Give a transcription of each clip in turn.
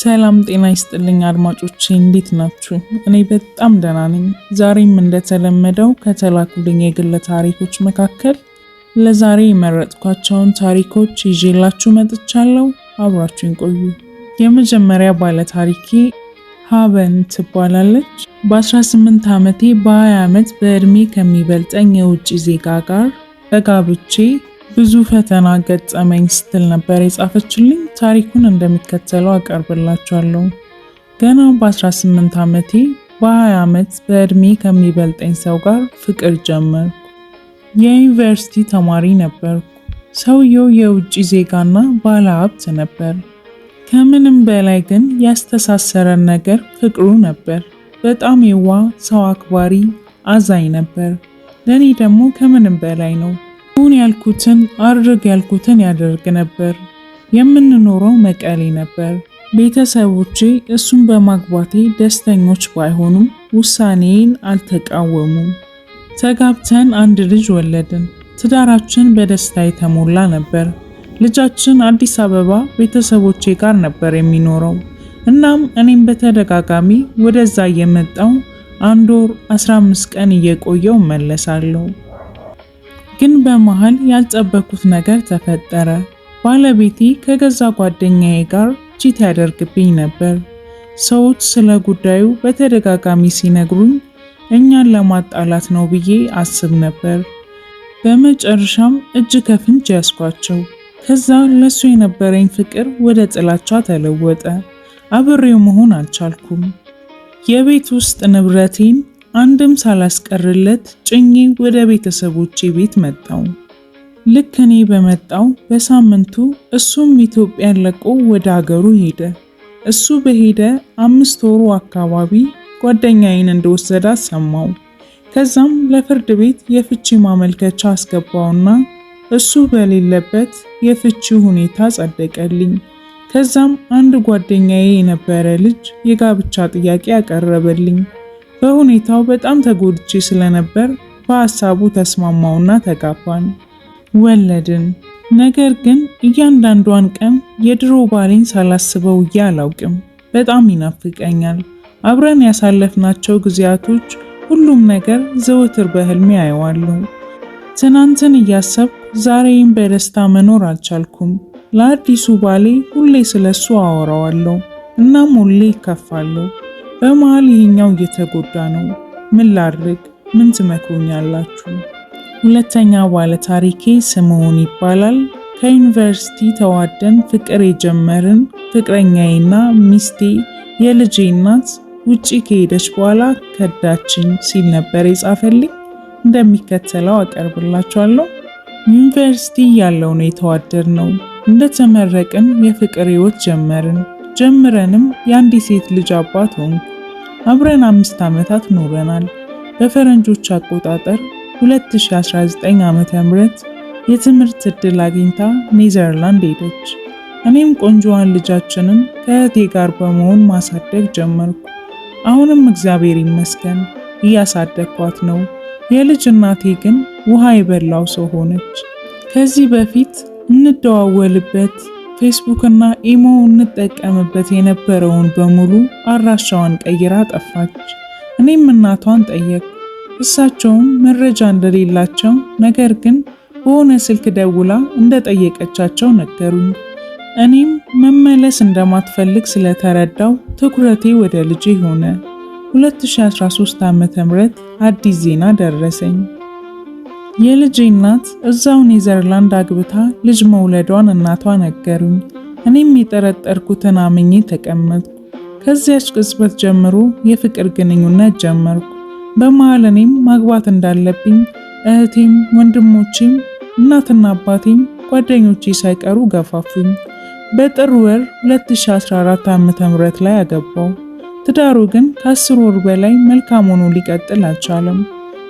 ሰላም ጤና ይስጥልኝ አድማጮቼ፣ እንዴት ናችሁ? እኔ በጣም ደህና ነኝ። ዛሬም እንደተለመደው ከተላኩልኝ የግለ ታሪኮች መካከል ለዛሬ የመረጥኳቸውን ታሪኮች ይዤላችሁ መጥቻለሁ። አብራችሁን ቆዩ። የመጀመሪያ ባለ ታሪኬ ሀበን ትባላለች። በ18 ዓመቴ በ20 ዓመት በዕድሜ ከሚበልጠኝ የውጭ ዜጋ ጋር በጋብቼ ብዙ ፈተና ገጠመኝ ስትል ነበር የጻፈችልኝ። ታሪኩን እንደሚከተለው አቀርብላችኋለሁ። ገና በ18 ዓመቴ በ20 ዓመት በእድሜ ከሚበልጠኝ ሰው ጋር ፍቅር ጀመርኩ። የዩኒቨርሲቲ ተማሪ ነበርኩ። ሰውየው የውጭ ዜጋና ባለሀብት ነበር። ከምንም በላይ ግን ያስተሳሰረን ነገር ፍቅሩ ነበር። በጣም የዋ ሰው አክባሪ፣ አዛኝ ነበር። ለእኔ ደግሞ ከምንም በላይ ነው። ሁን ያልኩትን አድርግ ያልኩትን ያደርግ ነበር። የምንኖረው መቀሌ ነበር። ቤተሰቦቼ እሱን በማግባቴ ደስተኞች ባይሆኑም ውሳኔን አልተቃወሙም። ተጋብተን አንድ ልጅ ወለድን። ትዳራችን በደስታ የተሞላ ነበር። ልጃችን አዲስ አበባ ቤተሰቦቼ ጋር ነበር የሚኖረው። እናም እኔም በተደጋጋሚ ወደዛ እየመጣው አንድ ወር 15 ቀን እየቆየው እመለሳለሁ። ግን በመሃል ያልጠበኩት ነገር ተፈጠረ። ባለቤቴ ከገዛ ጓደኛዬ ጋር ቺት ያደርግብኝ ነበር። ሰዎች ስለ ጉዳዩ በተደጋጋሚ ሲነግሩኝ እኛን ለማጣላት ነው ብዬ አስብ ነበር። በመጨረሻም እጅ ከፍንጅ ያስኳቸው። ከዛ ለሱ የነበረኝ ፍቅር ወደ ጥላቻ ተለወጠ። አብሬው መሆን አልቻልኩም። የቤት ውስጥ ንብረቴን አንድም ሳላስቀርለት ጭኜ ወደ ቤተሰቦቼ ቤት መጣው። ልክ እኔ በመጣው በሳምንቱ እሱም ኢትዮጵያን ለቆ ወደ አገሩ ሄደ። እሱ በሄደ አምስት ወሩ አካባቢ ጓደኛዬን እንደወሰደ ሰማው። ከዛም ለፍርድ ቤት የፍቺ ማመልከቻ አስገባውና እሱ በሌለበት የፍቺ ሁኔታ ጸደቀልኝ። ከዛም አንድ ጓደኛዬ የነበረ ልጅ የጋብቻ ጥያቄ አቀረበልኝ። በሁኔታው በጣም ተጎድቼ ስለነበር በሀሳቡ ተስማማውና ተጋባን፣ ወለድን። ነገር ግን እያንዳንዷን ቀን የድሮ ባሌን ሳላስበው እያ አላውቅም። በጣም ይናፍቀኛል። አብረን ያሳለፍናቸው ጊዜያቶች፣ ሁሉም ነገር ዘወትር በህልሜ አየዋለሁ። ትናንትን እያሰብኩ ዛሬም በደስታ መኖር አልቻልኩም። ለአዲሱ ባሌ ሁሌ ስለሱ አወራዋለሁ፣ እናም ሁሌ ይከፋለሁ። በመሃል ይህኛው እየተጎዳ ነው። ምን ላድርግ? ምን ትመክሩኛላችሁ? ሁለተኛ ባለ ታሪኬ ስምዖን ይባላል። ከዩኒቨርሲቲ ተዋደን ፍቅር የጀመርን ፍቅረኛዬና ሚስቴ የልጄ እናት ውጪ ከሄደች በኋላ ከዳችን ሲል ነበር የጻፈልኝ። እንደሚከተለው አቀርብላችኋለሁ። ዩኒቨርሲቲ ያለው ነው የተዋደር ነው። እንደተመረቅን የፍቅር ህይወት ጀመርን። ጀምረንም የአንዲት ሴት ልጅ አባት ሆን አብረን አምስት ዓመታት ኖረናል። በፈረንጆች አቆጣጠር 2019 ዓመተ ምህረት የትምህርት ዕድል አግኝታ ኔዘርላንድ ሄደች። እኔም ቆንጆዋን ልጃችንን ከእህቴ ጋር በመሆን ማሳደግ ጀመርኩ። አሁንም እግዚአብሔር ይመስገን እያሳደግኳት ነው። የልጅ እናቴ ግን ውሃ የበላው ሰው ሆነች። ከዚህ በፊት እንደዋወልበት ፌስቡክ እና ኢሞ እንጠቀምበት የነበረውን በሙሉ አድራሻዋን ቀይራ ጠፋች። እኔም እናቷን ጠየቅ። እሳቸውም መረጃ እንደሌላቸው ነገር ግን በሆነ ስልክ ደውላ እንደጠየቀቻቸው ነገሩኝ። እኔም መመለስ እንደማትፈልግ ስለተረዳው ትኩረቴ ወደ ልጄ ሆነ። 2013 ዓ.ም አዲስ ዜና ደረሰኝ። የልጅ እናት እዛው ኔዘርላንድ አግብታ ልጅ መውለዷን እናቷ ነገሩኝ። እኔም የጠረጠርኩትን አምኜ ተቀመጥኩ። ከዚያች ቅጽበት ጀምሮ የፍቅር ግንኙነት ጀመርኩ። በመሃል እኔም ማግባት እንዳለብኝ እህቴም፣ ወንድሞቼም፣ እናትና አባቴም ጓደኞቼ ሳይቀሩ ገፋፉኝ። በጥር ወር 2014 ዓ.ም ላይ አገባው። ትዳሩ ግን ከአስር ወር በላይ መልካም ሆኖ ሊቀጥል አልቻለም።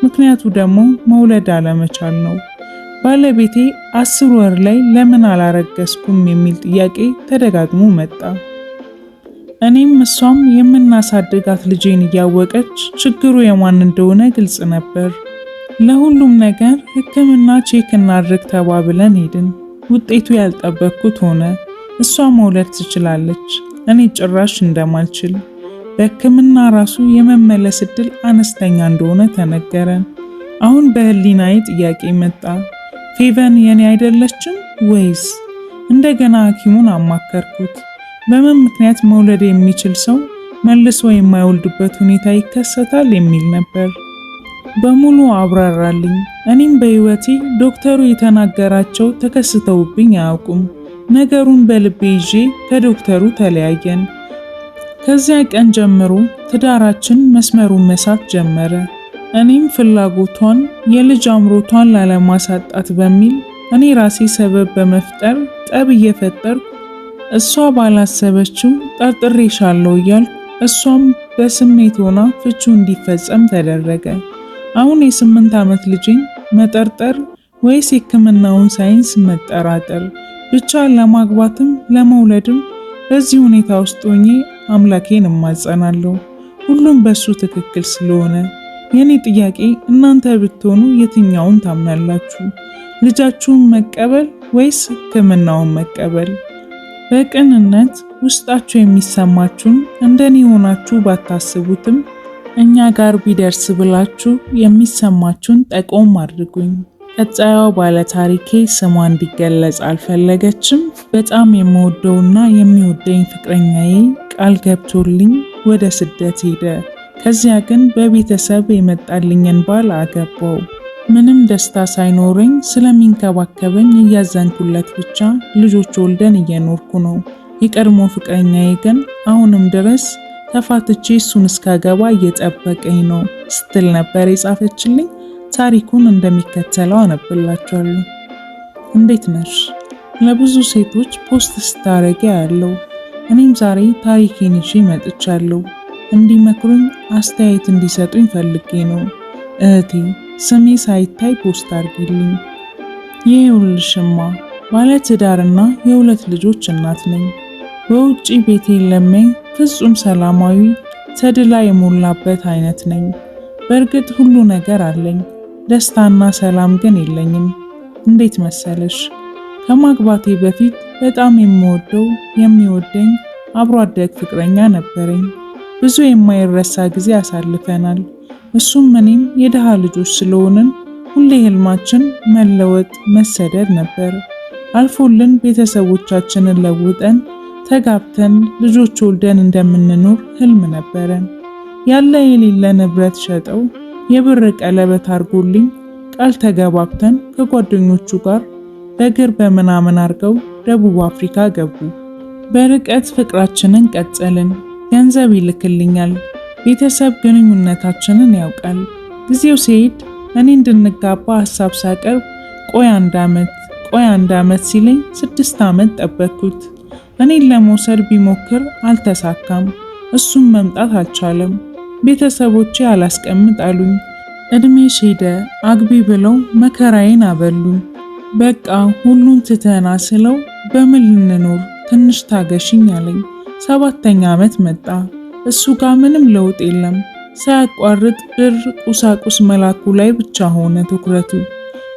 ምክንያቱ ደግሞ መውለድ አለመቻል ነው። ባለቤቴ አስር ወር ላይ ለምን አላረገዝኩም የሚል ጥያቄ ተደጋግሞ መጣ። እኔም እሷም የምናሳድጋት ልጄን እያወቀች ችግሩ የማን እንደሆነ ግልጽ ነበር። ለሁሉም ነገር ሕክምና ቼክ እናድርግ ተባብለን ሄድን። ውጤቱ ያልጠበቅኩት ሆነ። እሷ መውለድ ትችላለች፣ እኔ ጭራሽ እንደማልችል በህክምና ራሱ የመመለስ እድል አነስተኛ እንደሆነ ተነገረን። አሁን በህሊናዬ ጥያቄ መጣ። ፌቨን የኔ አይደለችም ወይስ? እንደገና ሐኪሙን አማከርኩት። በምን ምክንያት መውለድ የሚችል ሰው መልሶ የማይወልድበት ሁኔታ ይከሰታል የሚል ነበር። በሙሉ አብራራልኝ። እኔም በህይወቴ ዶክተሩ የተናገራቸው ተከስተውብኝ አያውቁም። ነገሩን በልቤ ይዤ ከዶክተሩ ተለያየን። ከዚያ ቀን ጀምሮ ትዳራችን መስመሩን መሳት ጀመረ። እኔም ፍላጎቷን የልጅ አምሮቷን ላለማሳጣት በሚል እኔ ራሴ ሰበብ በመፍጠር ጠብ እየፈጠርኩ እሷ ባላሰበችው ጠርጥሬሻለሁ እያልኩ እሷም በስሜት ሆና ፍቹ እንዲፈጸም ተደረገ። አሁን የስምንት ዓመት ልጄን መጠርጠር ወይስ የሕክምናውን ሳይንስ መጠራጠር ብቻ ለማግባትም ለመውለድም በዚህ ሁኔታ ውስጥ ሆኜ አምላኬን እማጸናለሁ፣ ሁሉም በሱ ትክክል ስለሆነ። የኔ ጥያቄ እናንተ ብትሆኑ የትኛውን ታምናላችሁ? ልጃችሁን መቀበል ወይስ ሕክምናውን መቀበል? በቅንነት ውስጣችሁ የሚሰማችሁን እንደኔ ሆናችሁ ባታስቡትም እኛ ጋር ቢደርስ ብላችሁ የሚሰማችሁን ጠቆም አድርጉኝ። ቀጣዩ ባለታሪኬ ስሟ እንዲገለጽ አልፈለገችም። በጣም የምወደውና የሚወደኝ ፍቅረኛዬ ቃል ገብቶልኝ ወደ ስደት ሄደ። ከዚያ ግን በቤተሰብ የመጣልኝን ባል አገባው። ምንም ደስታ ሳይኖረኝ ስለሚንከባከበኝ እያዘንኩለት ብቻ ልጆች ወልደን እየኖርኩ ነው። የቀድሞ ፍቅረኛዬ ግን አሁንም ድረስ ተፋትቼ እሱን እስካገባ እየጠበቀኝ ነው ስትል ነበር የጻፈችልኝ። ታሪኩን እንደሚከተለው አነብላችኋለሁ። እንዴት ነሽ? ለብዙ ሴቶች ፖስት ስታረጊ ያለው እኔም ዛሬ ታሪኬን ይዤ መጥቻለሁ። እንዲመክሩኝ አስተያየት እንዲሰጡኝ ፈልጌ ነው። እህቴ ስሜ ሳይታይ ፖስት አርጊልኝ። ይኸውልሽማ ባለ ትዳርና የሁለት ልጆች እናት ነኝ። በውጪ ቤቴ ለመኝ ፍጹም ሰላማዊ ተድላ የሞላበት አይነት ነኝ። በእርግጥ ሁሉ ነገር አለኝ። ደስታና ሰላም ግን የለኝም። እንዴት መሰለሽ ከማግባቴ በፊት በጣም የምወደው የሚወደኝ አብሮ አደግ ፍቅረኛ ነበረኝ። ብዙ የማይረሳ ጊዜ አሳልፈናል። እሱም እኔም የድሃ ልጆች ስለሆንን ሁሌ ህልማችን መለወጥ፣ መሰደድ ነበር። አልፎልን ቤተሰቦቻችንን ለውጠን ተጋብተን ልጆች ወልደን እንደምንኖር ህልም ነበረን። ያለ የሌለ ንብረት ሸጠው የብር ቀለበት አድርጎልኝ ቃል ተገባብተን ከጓደኞቹ ጋር በእግር በምናምን አድርገው ደቡብ አፍሪካ ገቡ። በርቀት ፍቅራችንን ቀጠልን። ገንዘብ ይልክልኛል። ቤተሰብ ግንኙነታችንን ያውቃል። ጊዜው ሲሄድ እኔ እንድንጋባ ሀሳብ ሳቀርብ ቆይ አንድ ዓመት ቆይ አንድ ዓመት ሲለኝ ስድስት ዓመት ጠበቅኩት። እኔን ለመውሰድ ቢሞክር አልተሳካም። እሱም መምጣት አልቻለም። ቤተሰቦቼ አላስቀምጥ አሉኝ። እድሜሽ ሄደ አግቢ ብለው መከራዬን አበሉ። በቃ ሁሉን ትተና ስለው በምን ልንኖር ትንሽ ታገሽኝ አለኝ። ሰባተኛ ዓመት መጣ። እሱ ጋር ምንም ለውጥ የለም። ሳያቋርጥ ብር፣ ቁሳቁስ መላኩ ላይ ብቻ ሆነ ትኩረቱ።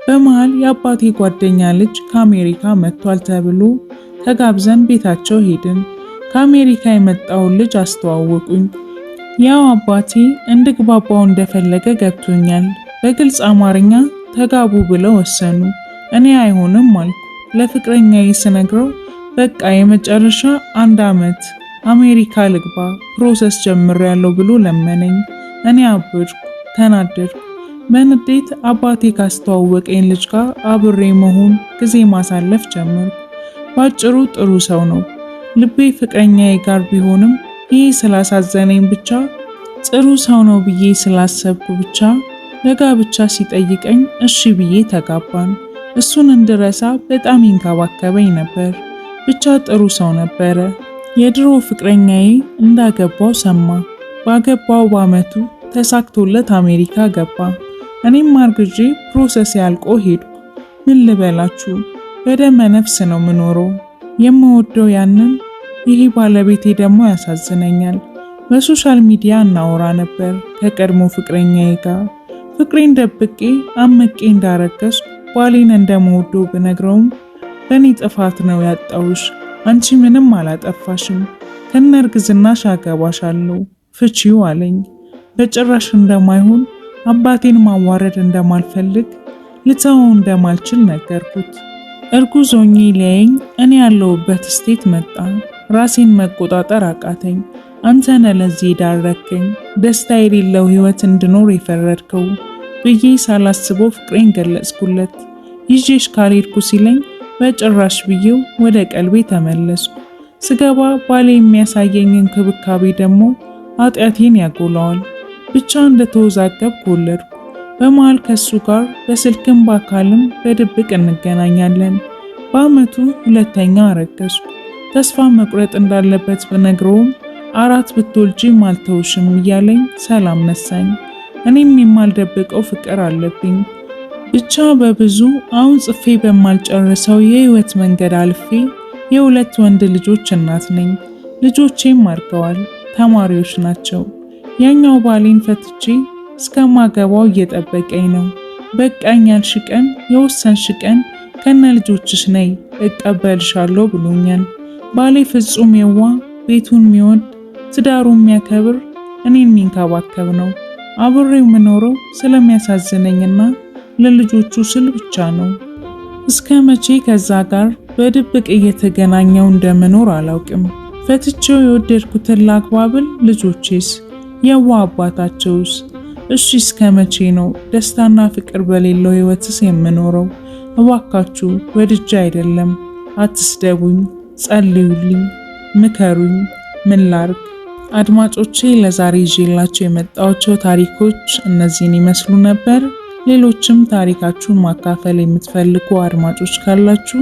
በመሃል የአባቴ ጓደኛ ልጅ ከአሜሪካ መጥቷል ተብሎ ተጋብዘን ቤታቸው ሄድን። ከአሜሪካ የመጣውን ልጅ አስተዋወቁኝ። ያው አባቴ እንድግባባው እንደፈለገ ገብቶኛል። በግልጽ አማርኛ ተጋቡ ብለው ወሰኑ። እኔ አይሆንም አልኩ። ለፍቅረኛዬ ስነግረው በቃ የመጨረሻ አንድ አመት አሜሪካ ልግባ ፕሮሰስ ጀምሬያለሁ ብሎ ለመነኝ። እኔ አበድኩ፣ ተናደድኩ። በንዴት አባቴ ካስተዋወቀኝ ልጅ ጋር አብሬ መሆን፣ ጊዜ ማሳለፍ ጀመርኩ። ባጭሩ ጥሩ ሰው ነው። ልቤ ፍቅረኛዬ ጋር ቢሆንም ይህ ስላሳዘነኝ ብቻ ጥሩ ሰው ነው ብዬ ስላሰብኩ ብቻ ለጋብቻ ሲጠይቀኝ እሺ ብዬ ተጋባን። እሱን እንድረሳ በጣም ይንከባከበኝ ነበር። ብቻ ጥሩ ሰው ነበረ። የድሮ ፍቅረኛዬ እንዳገባው ሰማ። ባገባው በአመቱ ተሳክቶለት አሜሪካ ገባ። እኔም አርግዤ ፕሮሰስ ያልቆ ሄዱ ምን ልበላችሁ፣ በደመ ነፍስ ነው ምኖረው የምወደው ያንን ይህ ባለቤቴ ደግሞ ያሳዝነኛል። በሶሻል ሚዲያ እናወራ ነበር ከቀድሞ ፍቅረኛዬ ጋር። ፍቅሬን ደብቄ አመቄ እንዳረገዝኩ ባሌን እንደመወዶ ብነግረውም በእኔ ጥፋት ነው ያጣውሽ፣ አንቺ ምንም አላጠፋሽም፣ ከነ እርግዝናሽ አገባሻለሁ፣ ፍቺው አለኝ። በጭራሽ እንደማይሆን አባቴን ማዋረድ እንደማልፈልግ ልተወው እንደማልችል ነገርኩት። እርጉዝ ሆኜ ሊያየኝ እኔ ያለውበት ስቴት መጣ። ራሴን መቆጣጠር አቃተኝ። አንተነ ለዚህ ዳረከኝ፣ ደስታ የሌለው ህይወት እንድኖር የፈረድከው ብዬ ሳላስበው ፍቅሬን ገለጽኩለት። ይዤሽ ካልሄድኩ ሲለኝ በጭራሽ ብዬው ወደ ቀልቤ ተመለስኩ። ስገባ ባሌ የሚያሳየኝ እንክብካቤ ደግሞ ኃጢአቴን ያጎላዋል። ብቻ እንደተወዛገብኩ ወለድኩ። በመሃል ከሱ ጋር በስልክም በአካልም በድብቅ እንገናኛለን። በአመቱ ሁለተኛ አረገዝኩ። ተስፋ መቁረጥ እንዳለበት ብነግረውም አራት ብትወልጂም አልተውሽም እያለኝ ሰላም ነሳኝ። እኔም የማልደብቀው ፍቅር አለብኝ። ብቻ በብዙ አሁን ጽፌ በማልጨርሰው የህይወት መንገድ አልፌ የሁለት ወንድ ልጆች እናት ነኝ። ልጆቼም አድገዋል፣ ተማሪዎች ናቸው። ያኛው ባሌን ፈትቼ እስከማገባው እየጠበቀኝ ነው። በቃኝ ያልሽ ቀን የወሰንሽ ቀን ከነ ልጆችሽ ነይ እቀበልሻለሁ ብሎኛል። ባሌ ፍጹም የዋ ቤቱን የሚወድ ትዳሩን የሚያከብር እኔን የሚንከባከብ ነው። አብሬው የምኖረው ስለሚያሳዝነኝና ለልጆቹ ስል ብቻ ነው። እስከ መቼ ከዛ ጋር በድብቅ እየተገናኘው እንደምኖር አላውቅም። ፈትቼው የወደድኩትን ላግባብል፣ ልጆቼስ? የዋ አባታቸውስ? እሺ እስከ መቼ ነው ደስታና ፍቅር በሌለው ህይወትስ የምኖረው? እባካችሁ ወድጄ አይደለም፣ አትስደቡኝ። ጸልዩልኝ፣ ምከሩኝ፣ ምን ላርግ? አድማጮቼ ለዛሬ ይዤላቸው የመጣኋቸው ታሪኮች እነዚህን ይመስሉ ነበር። ሌሎችም ታሪካችሁን ማካፈል የምትፈልጉ አድማጮች ካላችሁ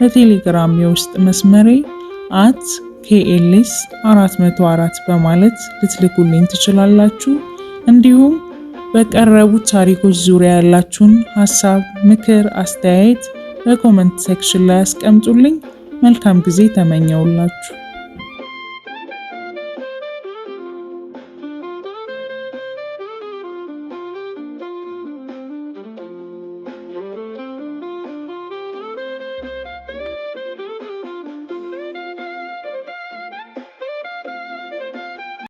በቴሌግራም የውስጥ መስመሬ አት ኬኤልኤስ 404 በማለት ልትልኩልኝ ትችላላችሁ። እንዲሁም በቀረቡት ታሪኮች ዙሪያ ያላችሁን ሀሳብ፣ ምክር፣ አስተያየት በኮመንት ሴክሽን ላይ አስቀምጡልኝ። መልካም ጊዜ ተመኘውላችሁ።